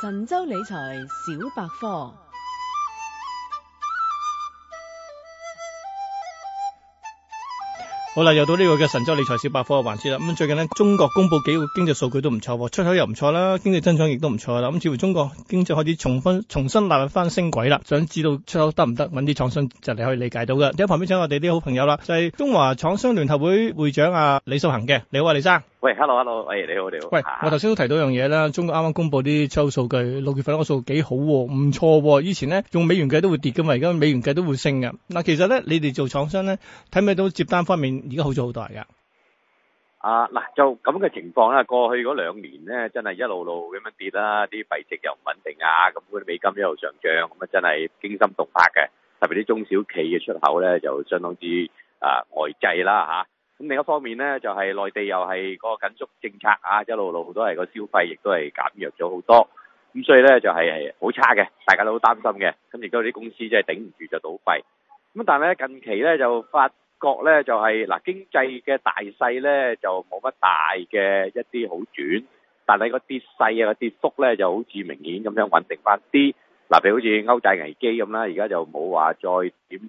神州理財小百科好啦，又到呢個嘅神州理財小百科嘅環節啦。咁最近呢，中國公布幾個經濟數據都唔錯，出口又唔錯啦，經濟增長亦都唔錯啦。咁、嗯、似乎中國經濟開始重重新立返升軌啦。想知道出口得唔得，搵啲廠商就你可以理解到嘅。喺旁邊請我哋啲好朋友啦，就係、是、中華廠商聯合會會長阿、啊、李秀恒嘅，你好啊，李生。喂，hello，hello，喂，Hello, Hello, hey，你好，你好。喂，啊、我頭先都提到一樣嘢啦，中國啱啱公布啲出口數據，六月份嗰個數幾好，唔錯。以前咧用美元計都會跌嘅嘛，而家美元計都會升嘅。嗱，其實咧你哋做廠商咧，睇唔睇到接單方面而家好咗好多啊？啊，嗱，就咁嘅情況咧，過去嗰兩年咧，真係一路路咁樣跌啦，啲幣值又唔穩定啊，咁嗰啲美金一路上漲，咁啊真係驚心動魄嘅。特別啲中小企嘅出口咧，就相當之、呃、外啊外滯啦吓。咁另一方面咧，就係、是、內地又係嗰個緊縮政策啊，一路路都係個消費，亦都係減弱咗好多。咁所以咧就係、是、好差嘅，大家都好擔心嘅。咁而家啲公司真係頂唔住就倒閉。咁但係咧近期咧就發覺咧就係、是、嗱、啊、經濟嘅大勢咧就冇乜大嘅一啲好轉，但係個跌勢啊個跌幅咧就好似明顯咁樣穩定翻啲。嗱、啊、譬如好似歐債危機咁啦，而家就冇話再點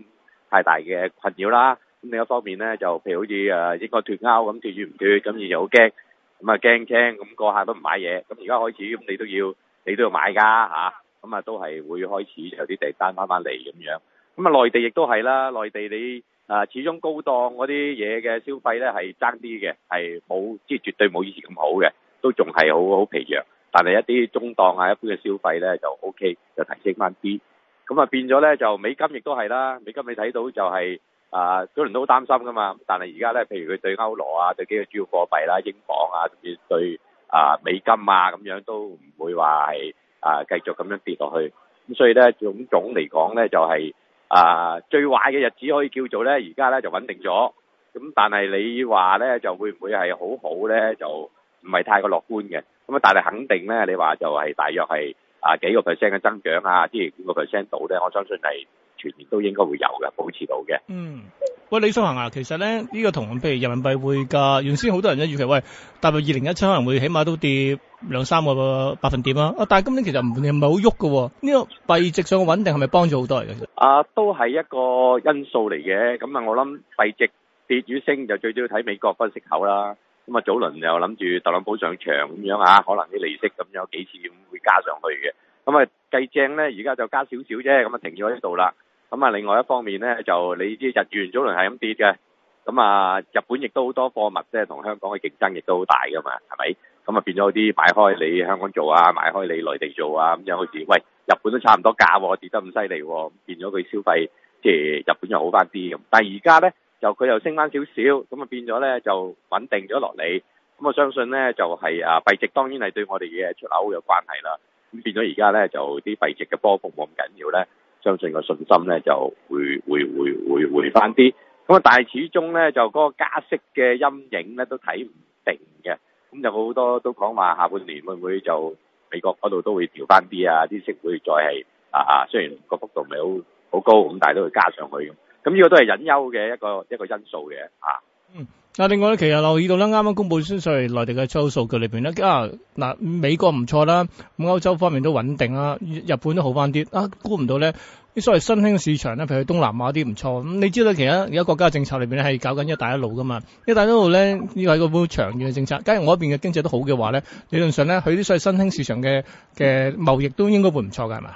太大嘅困擾啦。咁另一方面咧，就譬如好似誒應該脱鈎咁脱與唔脱，咁而又好驚，咁啊驚青，咁個客都唔買嘢。咁而家開始，咁你都要你都要買㗎吓。咁啊，都係會開始有啲訂單翻翻嚟咁樣。咁啊，內地亦都係啦，內地你啊始終高檔嗰啲嘢嘅消費咧係爭啲嘅，係冇即係絕對冇以前咁好嘅，都仲係好好疲弱。但係一啲中檔啊一般嘅消費咧就 OK，就提升翻啲。咁啊變咗咧就美金亦都係啦，美金你睇到就係。啊，嗰輪都好擔心噶嘛，但係而家咧，譬如佢對歐羅啊，對幾個主要貨幣啦，英鎊啊，甚至對啊美金啊咁樣，都唔會話係啊繼續咁樣跌落去。咁所以咧總總嚟講咧，就係、是、啊最壞嘅日子可以叫做咧，而家咧就穩定咗。咁但係你話咧，就會唔會係好好咧？就唔係太過樂觀嘅。咁啊，但係肯定咧，你話就係大約係啊幾個 percent 嘅增長啊，即係幾個 percent 度咧，我相信係。全年都應該會有嘅，保持到嘅。嗯，喂，李秀恒啊，其實咧呢、這個同行，譬如人民幣匯價，原先好多人咧預期喂踏入二零一七可能會起碼都跌兩三個百分點啊。啊，但係今年其實唔係好喐嘅喎。呢、這個幣值上嘅穩定係咪幫咗好多嚟嘅？啊，都係一個因素嚟嘅。咁啊，我諗幣值跌與升就最主要睇美國分息口啦。咁啊，早輪又諗住特朗普上場咁樣啊，可能啲利息咁有幾次會加上去嘅。咁啊，計正咧，而家就加少少啫，咁啊停住喺度啦。咁啊，另外一方面咧，就你知日元早輪係咁跌嘅，咁啊，日本亦都好多貨物即係同香港嘅競爭亦都好大噶嘛，係咪？咁啊變咗啲買開你香港做啊，買開你內地做啊，咁好似喂日本都差唔多價跌得咁犀利，變咗佢消費即係日本又好翻啲。咁但係而家咧就佢又升翻少少，咁啊變咗咧就穩定咗落嚟。咁我相信咧就係啊幣值當然係對我哋嘅出口有關係啦。咁變咗而家咧就啲幣值嘅波幅冇咁緊要咧。相信個信心咧就會會會會回翻啲，咁啊但係始終咧就嗰個加息嘅陰影咧都睇唔定嘅，咁就好多都講話下半年會唔會就美國嗰度都會調翻啲啊，啲息會再係啊啊，雖然個幅度唔係好好高咁，但係都會加上去咁，咁呢個都係隱憂嘅一個一個因素嘅啊。嗯，啊，另外咧，其實留意到啦，啱啱公布啲所謂內地嘅出口數據裏邊咧，啊嗱、啊，美國唔錯啦，咁歐洲方面都穩定啦，日本都好翻啲啊。估唔到咧啲所謂新興市場咧，譬如東南亞啲唔錯咁。你知道其實而家國家嘅政策裏邊咧係搞緊一帶一路噶嘛？一帶一路咧呢一個係個好長遠嘅政策。假如我邊嘅經濟都好嘅話咧，理論上咧佢啲所謂新興市場嘅嘅貿易都應該會唔錯噶，係嘛？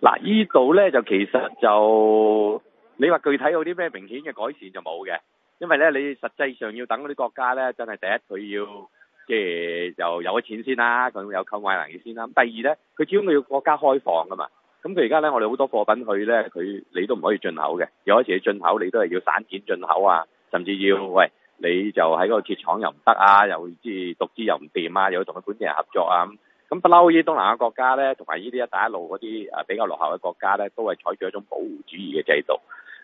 嗱，呢度咧就其實就你話具體有啲咩明顯嘅改善就冇嘅。因為咧，你實際上要等嗰啲國家咧，真係第一佢要即係又有咗錢先啦，佢有購買能力先啦。咁第二咧，佢始終佢要國家開放噶嘛。咁佢而家咧，我哋好多貨品去咧，佢你都唔可以進口嘅。有時你進口，你都係要散件進口啊，甚至要喂，你就喺嗰個鐵廠又唔得啊，又即係獨資又唔掂啊，又要同佢本地人合作啊。咁不嬲，呢啲東南亞國家咧，同埋呢啲一帶一路嗰啲比較落後嘅國家咧，都係採取一種保護主義嘅制度。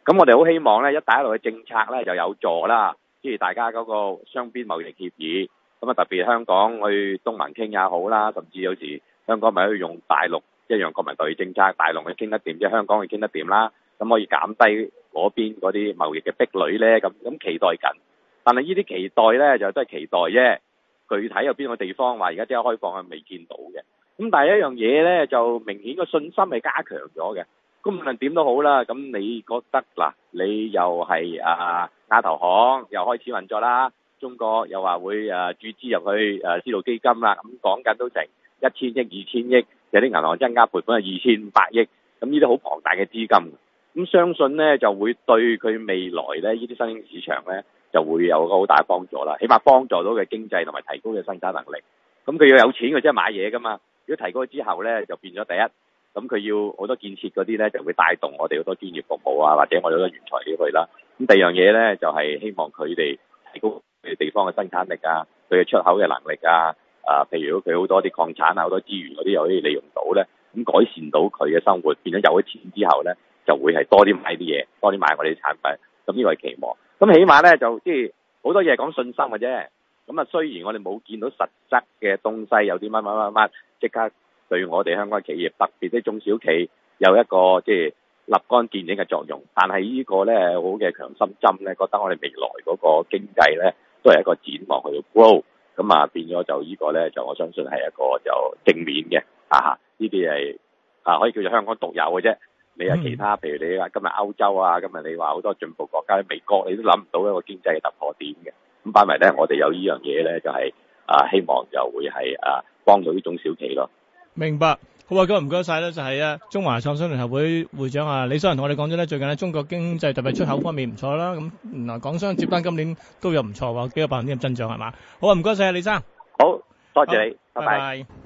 咁我哋好希望咧，一帶一路嘅政策咧就有助啦，即係大家嗰個雙邊貿易協議。咁啊，特別香港去東盟傾也好啦，甚至有時香港咪可以用大陸一樣、就是、國民待遇政策，大陸去傾得掂，即係香港去傾得掂啦。咁可以減低嗰邊嗰啲貿易嘅壁壘咧。咁咁期待緊，但係呢啲期待咧就都係期待啫。具體有邊個地方話而家即刻開放啊，未見到嘅。咁但係一樣嘢咧，就明顯個信心係加強咗嘅。咁無論點都好啦，咁你覺得嗱？你又係啊，亞投行又開始運作啦，中國又話會誒注資入去誒絲路基金啦，咁講緊都成一千億、二千億，有啲銀行增加賠款係二千五百億，咁呢啲好龐大嘅資金，咁相信咧就會對佢未來咧呢啲新興市場咧就會有個好大幫助啦，起碼幫助到佢經濟同埋提高佢生產能力。咁佢要有錢，佢先買嘢噶嘛。如果提高之後咧，就變咗第一。咁佢要好多建設嗰啲咧，就會帶動我哋好多專業服務啊，或者我哋好多原材料去啦。咁第二樣嘢咧，就係希望佢哋提高佢地方嘅生產力啊，佢嘅出口嘅能力啊。啊，譬如佢好多啲礦產啊，好多資源嗰啲又可以利用到咧，咁改善到佢嘅生活，變咗有咗錢之後咧，就會係多啲買啲嘢，多啲買我哋產品。咁呢個係期望。咁起碼咧，就即係好多嘢講信心嘅啫。咁啊，雖然我哋冇見到實質嘅東西有啲乜乜乜乜，即刻。對我哋香港企業，特別啲中小企，有一個即係立竿見影嘅作用。但係呢個咧好嘅強心針咧，覺得我哋未來嗰個經濟咧都係一個展望去到 grow。咁啊變咗就個呢個咧就我相信係一個就正面嘅啊。呢啲係啊可以叫做香港獨有嘅啫。你有其他，譬如你話今日歐洲啊，今日你話好多進步國家，美國你都諗唔到一個經濟嘅突破點嘅。咁反埋咧，我哋有呢樣嘢咧，就係、係、啊希望就會係啊幫到啲中小企咯。明白，好啊，今日唔該晒啦，就係啊中華廠商聯合會會長啊李生同我哋講咗咧，最近咧中國經濟特別出口方面唔錯啦，咁嗱，港商接單今年都有唔錯，幾個百分點嘅增長係嘛？好啊，唔該晒啊李生，好，多謝你，拜拜。拜拜。